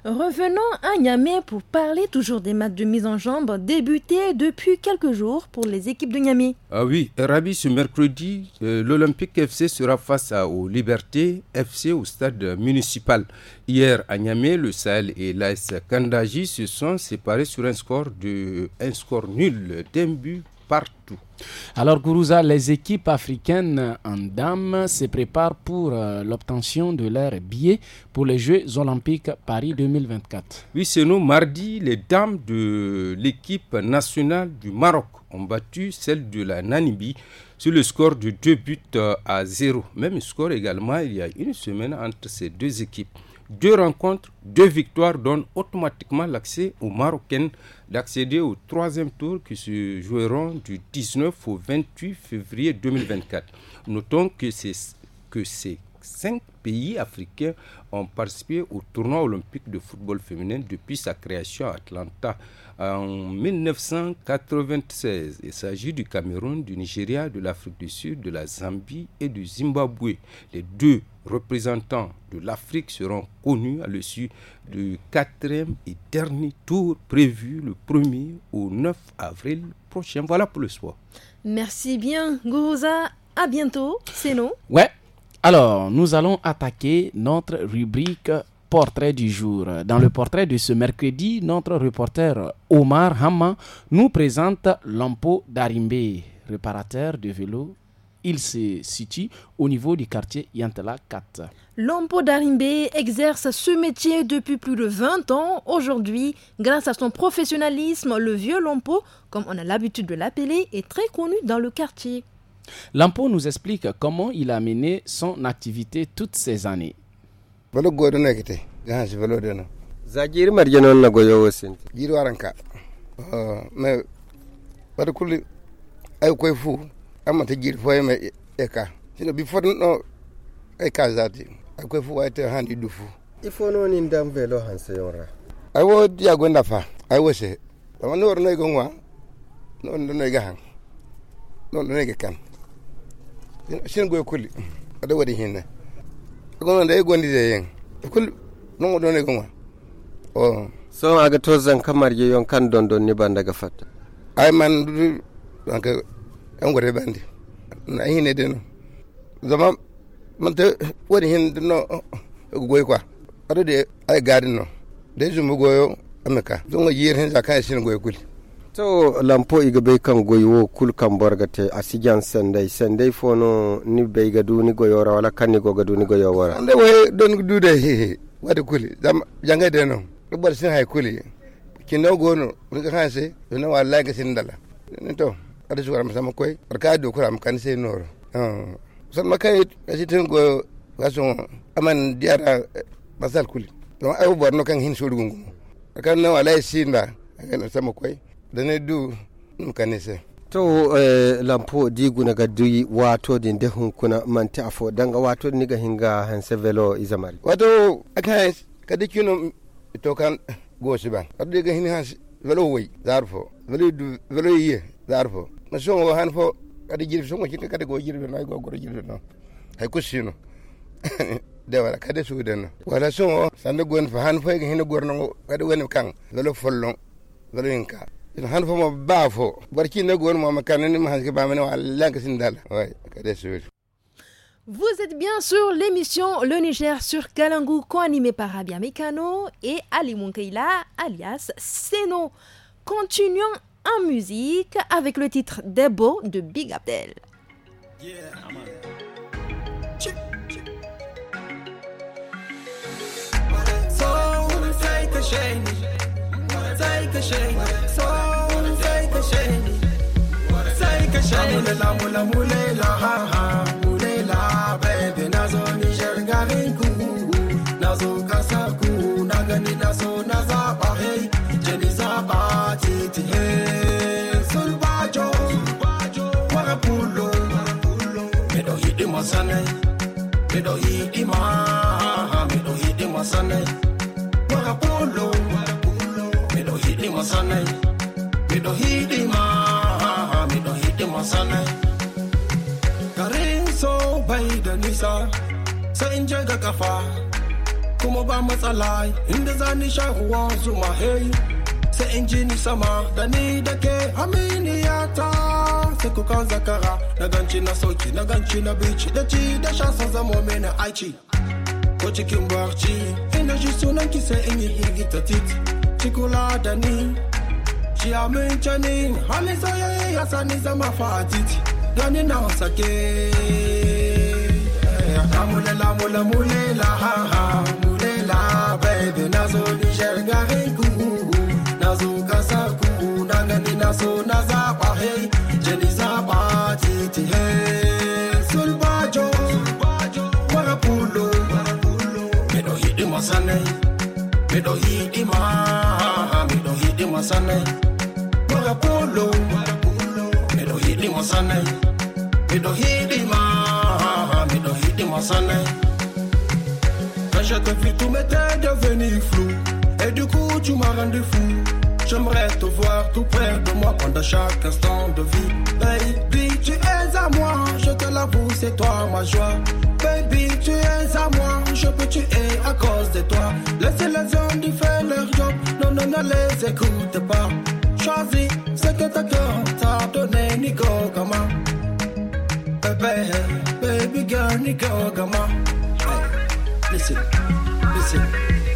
Revenons à Niamey pour parler toujours des matchs de mise en jambe débutés depuis quelques jours pour les équipes de Niamey. Ah oui, Rabi, ce mercredi, euh, l'Olympique FC sera face aux Libertés FC au stade municipal. Hier à Niamey, le Sahel et l'AS Kandaji se sont séparés sur un score, de, un score nul d'un but alors Gourouza, les équipes africaines en dames se préparent pour euh, l'obtention de leur billet pour les Jeux olympiques Paris 2024. Oui, c'est nous, mardi, les dames de l'équipe nationale du Maroc ont battu celle de la Namibie sur le score de 2 buts euh, à 0. Même score également il y a une semaine entre ces deux équipes deux rencontres, deux victoires donnent automatiquement l'accès aux Marocaines d'accéder au troisième tour qui se joueront du 19 au 28 février 2024. Notons que que ces cinq pays africains ont participé au tournoi olympique de football féminin depuis sa création à Atlanta en 1996. Il s'agit du Cameroun, du Nigeria, de l'Afrique du Sud, de la Zambie et du Zimbabwe. Les deux représentants de l'Afrique seront connus à l'issue du quatrième et dernier tour prévu le 1er au 9 avril prochain. Voilà pour le soir. Merci bien, Gouza. À bientôt, c'est nous. Ouais. Alors, nous allons attaquer notre rubrique portrait du jour. Dans le portrait de ce mercredi, notre reporter Omar Hamma nous présente Lampo Darimbe, réparateur de vélos il se situe au niveau du quartier Yantala 4. Lampo Darimbe exerce ce métier depuis plus de 20 ans. Aujourd'hui, grâce à son professionnalisme, le vieux Lampo, comme on a l'habitude de l'appeler, est très connu dans le quartier. Lampo nous explique comment il a mené son activité toutes ces années. ama ta girfa mai eka shine before no eka zati akwai fu white hand dufu ifo no ni ndam velo hanse yora ai wo dia gonda fa ai wo se ama no no go ngwa no no no gahan no no ne kan shine go kulli ada wadi hinna gono da gondi de yen kul no no ne go ngwa o oh. so aga to zan kamar ye yon kan don don ni banda ga fatta ai man anka yan gore bandi na yi ne no zama mata wani hin de eh, eh, goyi goy kwa ado de ay garden no de zum goyo yi yin yir kan yi sin goyi kuli to lampo iga bai kan wo kul kan bargate asijan sandai sandai fono ni bai ga du ni goyo wala kan ni goga du ni goyo wara ande wai don du de he wadi kuli zama janga de no bar sin hay kuli kinogono riga hanse no wallahi ga sin dala to kada shugara masa makoi barka do kura makan sai nor ah, san makai kasi tin go kaso aman diara eh, basal kuli don ai bor no kan hin so dugungu kan na wala sinda kan sama koi da ne du mukane sai to eh, lampo digu naga duyi wato din de hun kuna manta afo danga wato ni ga hinga hanse velo izamari wato aka kada kino to kan eh, gosi ban kada ga hin hanse velo wai zarfo velo velo yi zarfo na songo han fo kadi jirbi songo cinka kadi go jirbi no ay go goro jirbi no hay kussino de wala kadi suudenno wala songo sande go fo han fo e hino gornogo kadi woni kan lolo follo lolo en ka ina han fo mo baa fo barcinno gon moma kananima hanke wala wa lanka sindala way kadi e suudi Vous êtes bien sûr l'émission Le Niger sur Kalangu, co-animée par Rabia Mekano et Ali Munkaila, alias Seno. Continuons en musique avec le titre des Debo de Big Abdel. masane me do hit the ma me do hit the masane marapulo me do hit the masane me do hit the ma me do hit the masane karenso bai da nisa sai in je ga kafa kuma ba matsala inda za sha ruwa zuma hey sai in ji ni sama da ni da ke aminiya sai ku kan zakara na ganchi na sochi, na ganchi na bichi da ci da sha san zamo mena aici ko cikin barci ina ji sunan ki sai in yi gigita tit ki kula da ni ki amince ni halin soyayya ya sani zama fatit gani na sake amule la mule mule la ha ha Me don't hit him, me don't hit him on Sunday. polo, me don't hit ma on Me don't Quand je te tout m'était devenu flou. Et du coup, tu m'as rendu fou. J'aimerais te voir tout près de moi pendant chaque instant de vie. Hey, tu es à moi, je te l'avoue, c'est toi ma joie. Baby, tu es à moi, je peux tuer à cause de toi. Laissez les hommes du faire leur job, non, non, ne les écoute pas. Choisis ce que ta cœur t'a donné, Nico Gama Baby, eh, eh, eh, baby girl, Nico Gama Hey, listen, listen.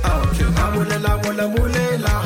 Ah, ok, ma la, moulé la.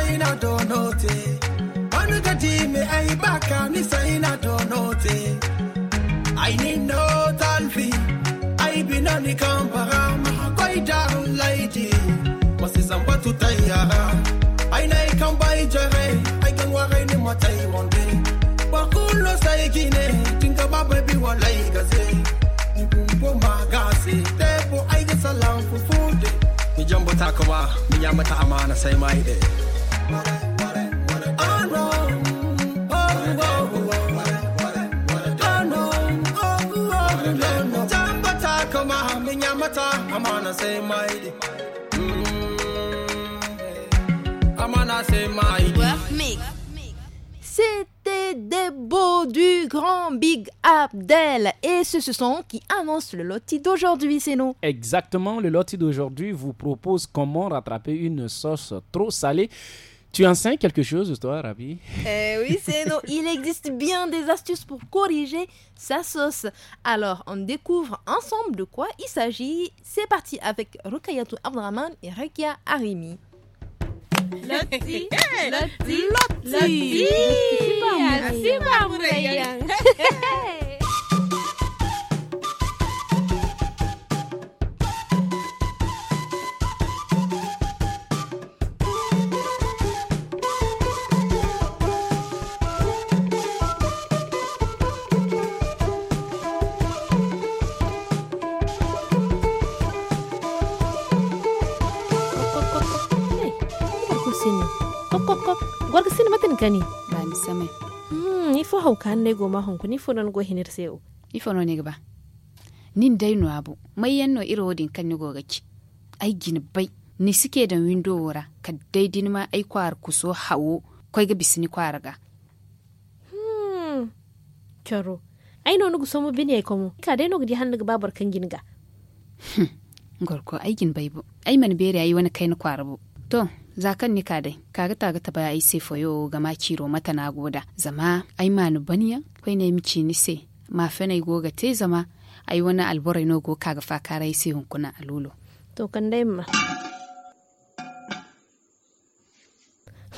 energy, me I back and me sign I don't know I need no talfi, I be no ni kampara, ma koi down lady. Masi zamba tutayara, I na ikamba ijere, I can wara ni matai monde. Wakulo sa ikine, tinga ba baby walai gaze. Nipumpo magasi, tepo I get salam fufude. Mijambo takawa, minyamata amana say my day. Mm, C'était des beaux du grand Big Abdel. Et ce, ce sont qui annoncent le loti d'aujourd'hui, c'est nous. Exactement, le loti d'aujourd'hui vous propose comment rattraper une sauce trop salée tu enseignes quelque chose, toi, Rabi Eh oui, c'est nous. Il existe bien des astuces pour corriger sa sauce. Alors, on découvre ensemble de quoi il s'agit. C'est parti avec Rukayatou Abdraman et Rekia Arimi. gani ba hmm, ni same ni fo hauka ne go ma honko ni fo non go hinir seo ni fo non ne ba nin dai no abu mai yanno iro wodin kan ni go gaci ai gini bai ni suke da window wora ka dai din ma ai kwar so hawo kai ga bisini kwar ga hmm choro ai no nugu somo bine ai komo ka dai no di hannu ga babar kan gini ga gorko ai gin bai bu ai man bere ai wani kai ni kwar bu to zakan dai ka ga taga ta baya ai foyo ga ma kiro mata na goda zama ai manu baniya kai ne mici ni se ma fenai goga te zama ai wani alborai no go kaga fa karai se hunkuna alulo to kan dai ma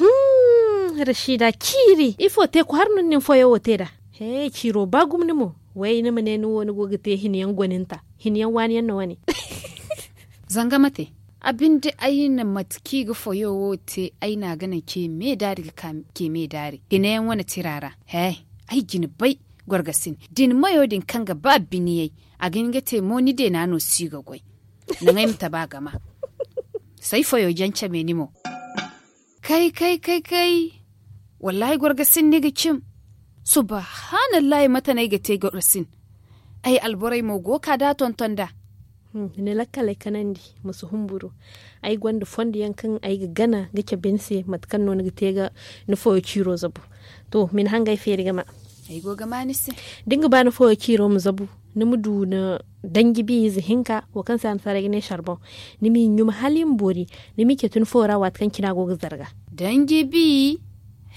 hmm, rashida kiri ifo te ko har nun nin foyo wote da he kiro ba gumni mu wai ni mene ni wani goga te hiniyan gwaninta hiniyan wani yan wani. ne zanga mate abin da aina matuki ga foyowo te aina gana ke me dari ke me dari yan wani tirara he ai gini bai gwargasin din mayo din kan ga ba biniyai a gini ga te mo ni de na no si ga gwai na ngai mta ba gama sai foyo jancha me nimo kai kai kai kai wallahi gwargasin ne ga kim subhanallahi mata nai ga te gwargasin ai alborai mo go ka da tonton da Hmm, ne lakale kanandi musu humburu ai gwanda fondi yankan ai gana gake bense matkan no ni tega na foyo chiro zabu to min hangai feri gama ai go gama ni se dinga na foyo chiro mu zabu ni mudu na dangi bi zihinka wa kan san sarage ne sharbon ni mi nyum halin bori ni mi ke tun fora wat kan kina go zarga dangi bi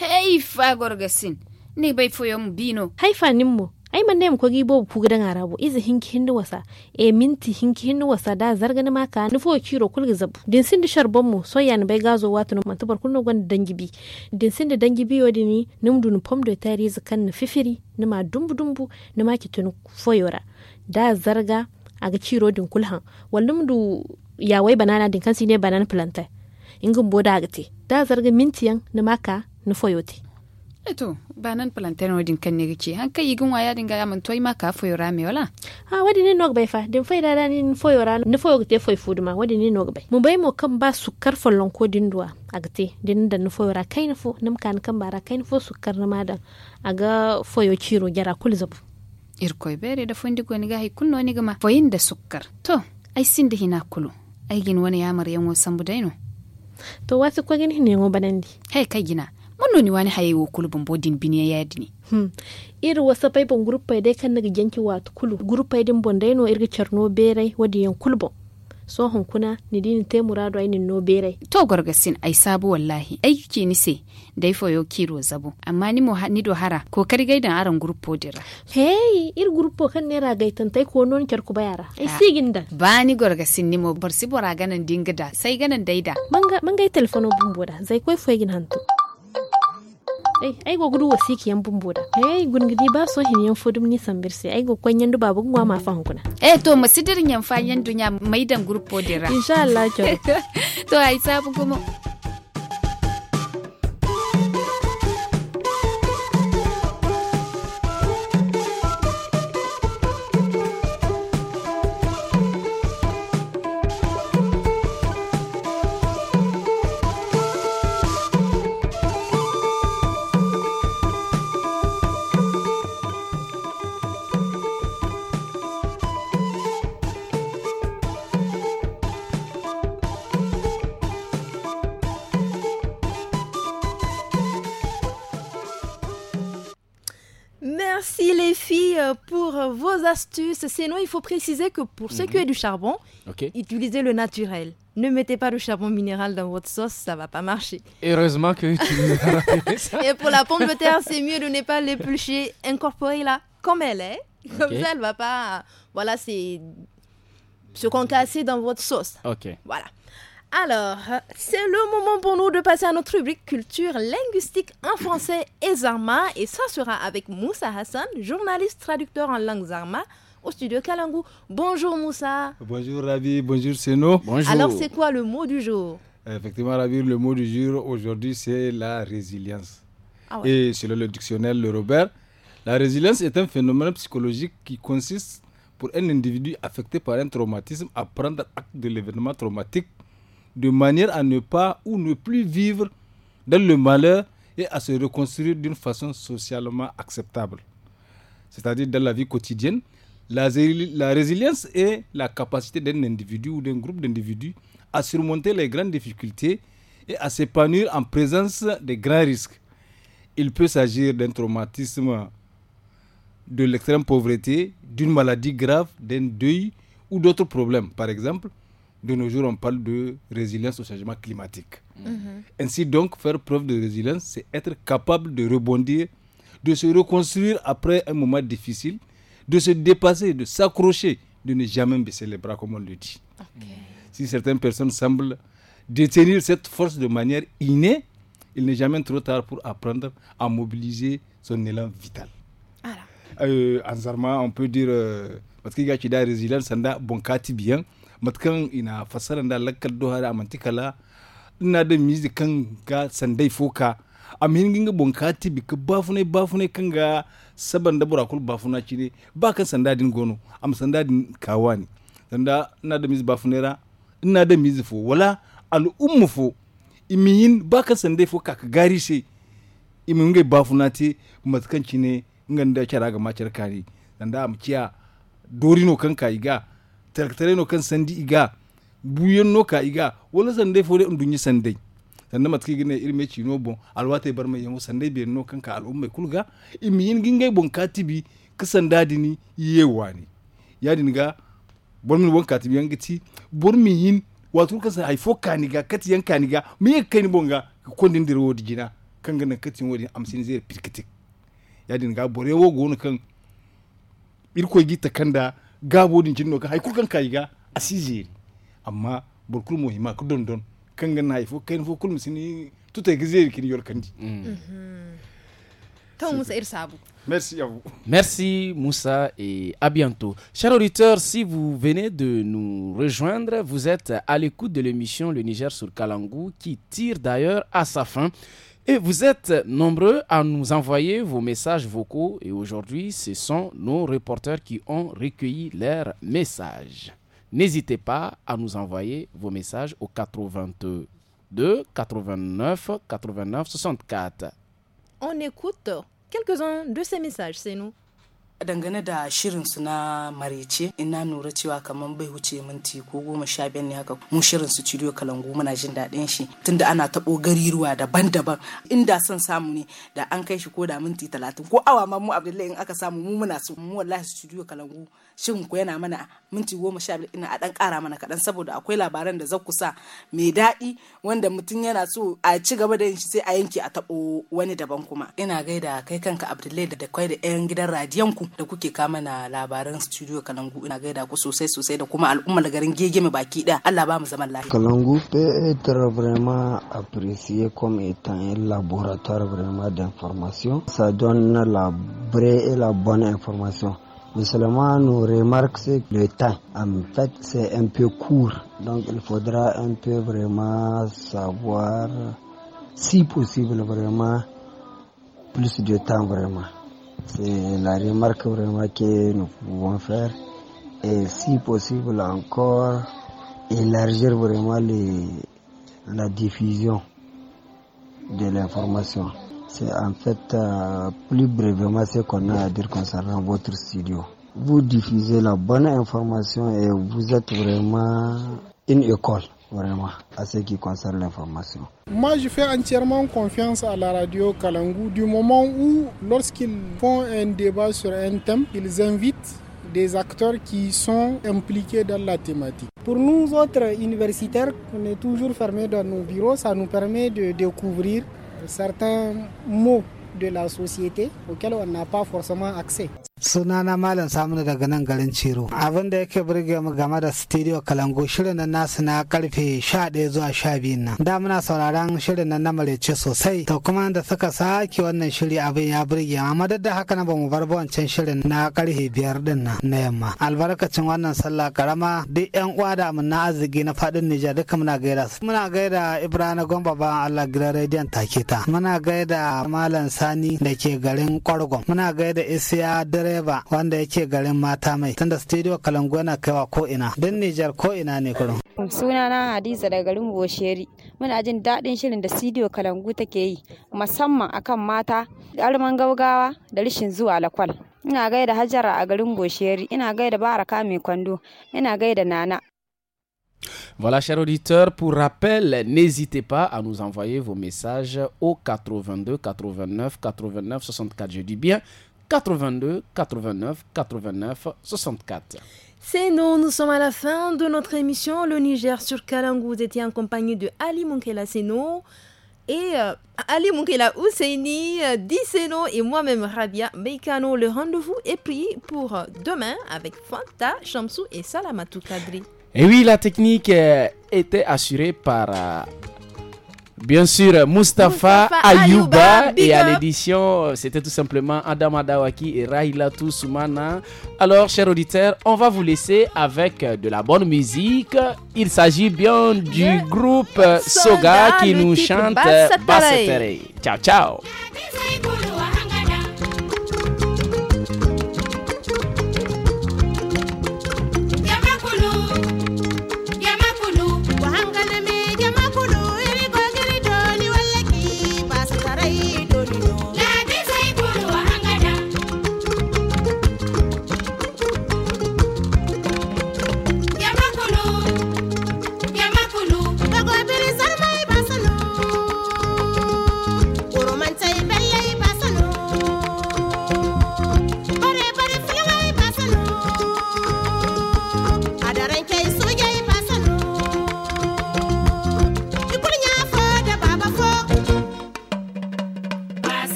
hey fa gorgasin ni bai foyo mu bino haifa nimmo ai man nem ko bobu ku gidan arabu izi hinki hindu wasa e minti hinki hindu wasa da zargani maka nufo kiro kulgi zabu din sindi sharbon mu so yan bai gazo watu num matubar kunno gwan dangi bi din sindi dangi bi yodi ni numdu nu pom do tari zakan na fifiri numa dumbu dumbu numa kitun foyora da zarga aga kiro din kulhan wallum du wai banana din kansi ne banana plantain ingin boda agate da zarga mintiyan numa ka nufoyote eto banan plantain wadin kan ne gici han kai igin waya dinga ya mantoy ma ka foyo rame wala ha ah, wadi ne nok bai fa din foyo dada ni foyo ran ni foyo te foyo ma wadi ne nok bai mu bai mo kan ba sukar fallon ko din duwa agte din da ni foyo ra kai ni fo nim kan kan ra kai ni fo sukar na madan aga foyo ciro jara kulzab irkoy bere da fundi ko ni ga hay kunno ni gama foyin da sukar to ai sin da hina kulu ai gin wani mar yan wasan budaino to wasu ko gin hinne ngo banandi hey kai gina monnoni wani haye wo kulu bon bodin biniya yadini hmm. ir wasa pai bon groupe kan naga janki wat kulu gurfai din bon dai no irga carno berai wadi yan kulbo so hon kuna ni din te murado ainihin no berai to gorgasin ai sabu wallahi ai ki ni se dai foyo kiro zabo amma ni mo ni do hara ko kari gaidan aran groupe dira hey ir groupe kan ne ragai tantai ko non char bayara ai siginda ba ni gorgasin ni mo borsi bora ganan dingida sai ganan daida manga manga telefono bumboda zai koi foyin hantu ai ai go gudu wasi ki yan bumbuda ai gun gidi ba so hin yan fodum ni sambirse ai go kwen yandu babu gwa ma fan kuna eh to masidir yan fa yandu nya maidan grupo dira insha Allah to ai sabu kuma astuce, sinon il faut préciser que pour ce qui mhm. est du charbon, utilisez le naturel. Ne mettez pas le charbon minéral dans votre sauce, ça va pas marcher. Heureusement que tu Et pour la pomme de terre, c'est mieux de ne pas l'éplucher, incorporez-la comme elle est. Hein. Comme ça, elle va pas. Voilà, c'est se concasser dans votre sauce. Ok. Voilà. Alors, euh, c'est le moment pour nous de passer à notre rubrique culture linguistique en français et Zarma. Et ça sera avec Moussa Hassan, journaliste traducteur en langue Zarma au studio Kalangu. Bonjour Moussa. Bonjour Ravi, bonjour Seno. Bonjour. Alors, c'est quoi le mot du jour Effectivement, Ravi, le mot du jour aujourd'hui, c'est la résilience. Ah et selon le dictionnaire Le Robert, la résilience est un phénomène psychologique qui consiste pour un individu affecté par un traumatisme à prendre acte de l'événement traumatique de manière à ne pas ou ne plus vivre dans le malheur et à se reconstruire d'une façon socialement acceptable. C'est-à-dire dans la vie quotidienne, la, résilience est la capacité d'un individu ou d'un groupe d'individus à surmonter les grandes difficultés et à s'épanouir en présence des grands risques. Il peut s'agir d'un traumatisme, de l'extrême pauvreté, d'une maladie grave, d'un deuil ou d'autres problèmes. Par exemple, de nos jours, on parle de résilience au changement climatique. Mm-hmm. Mm-hmm. Ainsi donc, faire preuve de résilience, c'est être capable de rebondir, de se reconstruire après un moment difficile, de se dépasser, de s'accrocher, de ne jamais baisser les bras, comme on le dit. Mm-hmm. Si certaines personnes semblent détenir cette force de manière innée, il n'est jamais trop tard pour apprendre à mobiliser son élan vital. Euh, en Zarma, on peut dire, euh, parce qu'il y a qui résilience, ça un bon bien. matkan ina fasaran da lakkal doha da amantikala ina da mizi kan ga sandai foka amin ginga bonkati bi bafune bafune kan ga saban da burakul bafuna ci ne ba kan sandadin gono am sandadin kawani sanda ina da mizi bafunera ina da mizi fo wala al'ummu fo imiyin ba kan sandai foka ka gari sai imin ngai bafuna te matkan ci ne ganda cara ga macar kare sanda am ciya dorino kan ka ga. tare no kan sandi iga buyen no ka iga wala sande fo de ndunyi sande sande matki gine irme ci no bon alwate bar mai yango sande be no kan ka al'umma kulga imiyin gingai bon katibi kisan dadini yewani yadin ga min bon katibi yangiti min yin wato sai fo kaniga kati yan kaniga me kai ni bonga kondin dir wodi jina kan ganan katin wodi amsin zai pirkitik yadin ga bore wo gonu kan irko gita kanda gabo din cinno ka hay kulkan kaiga asiziri amma burkul muhimma ko don don kanga na ifo kain fo kulmu sini tuta gizeri kin yorkandi mm-hmm. Tant Moussa Irsabu. Merci à vous. Merci Moussa et à bientôt. Chers auditeurs, si vous venez de nous rejoindre, vous êtes à l'écoute de l'émission Le Niger sur Kalangou qui tire d'ailleurs à sa fin. Et vous êtes nombreux à nous envoyer vos messages vocaux et aujourd'hui, ce sont nos reporters qui ont recueilli leurs messages. N'hésitez pas à nous envoyer vos messages au 82 89 89 64. On écoute quelques-uns de ces messages, c'est nous. dangane da shirin su na marece ina nura cewa kamar bai wuce minti ko goma sha biyar ne haka mu shirin su cidiyo kalangu muna jin daɗin shi tunda ana taɓo gariruwa daban-daban inda son samu ne da an kai shi ko da minti talatin ko awa ma mu abdullahi in aka samu mu muna so mu wallahi studio kalangu shin ku yana mana minti goma sha biyar ina a dan kara mana kaɗan saboda akwai labaran da za ku sa mai daɗi wanda mutum yana so a ci gaba da yin shi sai a yanke a taɓo wani daban kuma ina gaida kai kanka abdullahi da kai da yan gidan radiyon ku da kuke labaran studio Kalangu gaida ku Kalangu peut être vraiment apprécié comme étant un laboratoire vraiment d'information. Ça donne la vraie et la bonne information. Mais seulement nous remarquons que le temps. En fait, c'est un peu court. Donc il faudra un peu vraiment savoir, si possible vraiment, plus de temps vraiment. C'est la remarque vraiment que nous pouvons faire. Et si possible encore, élargir vraiment les, la diffusion de l'information. C'est en fait euh, plus brièvement ce qu'on a à dire concernant votre studio. Vous diffusez la bonne information et vous êtes vraiment une école vraiment à ce qui concerne l'information. Moi, je fais entièrement confiance à la radio Kalangu du moment où, lorsqu'ils font un débat sur un thème, ils invitent des acteurs qui sont impliqués dans la thématique. Pour nous autres universitaires, on est toujours fermés dans nos bureaux. Ça nous permet de découvrir certains mots de la société auxquels on n'a pas forcément accès. sunana malam saminu daga nan garin ciro abin da yake burge mu game da studio kalango shirin nan nasu na karfe 11 zuwa 12 nan da muna sauraron shirin nan na marece sosai to kuma da suka sake wannan shiri abin ya burge amma madad da haka na bamu bar wancan shirin na karfe 5 din nan na yamma albarkacin wannan sallah karama duk yan uwa da mun na arziki na fadin Nijar duka muna gaida su muna gaida Ibrahim Gomba ba Allah gidan rediyon take ta muna gaida malam Sani da ke garin Kwargon muna gaida Isiya dare Forever wanda yake garin mata mai tunda studio Kalangu yana kaiwa ko ina don Nijar ko ina ne kurum. Sunana Hadiza daga garin Bosheri. Muna jin daɗin shirin da studio Kalangu take yi musamman akan mata, alman gaugawa da rishin zuwa lakwal. Ina gaida Hajara a garin Bosheri, ina gaida Baraka mai kwando, ina gaida Nana. Voilà, chers auditeurs, pour rappel, n'hésitez pas à nous envoyer vos messages au 82 89 89 64. Je dis bien 82 89 89 64. C'est nous, nous sommes à la fin de notre émission Le Niger sur Kalangu. Vous étiez en compagnie de Ali Monkela Seno et euh, Ali Moukela Ousseini, euh, Disseno et moi-même Rabia Meikano. Le rendez-vous est pris pour euh, demain avec Fanta, Shamsou et Salamatou Kadri. Et oui, la technique était assurée par Bien sûr, Mustapha Ayuba et à l'édition, c'était tout simplement Adam Adawaki et Raila Soumana. Alors, chers auditeurs, on va vous laisser avec de la bonne musique. Il s'agit bien du groupe Soga, qui nous chante Ciao, ciao.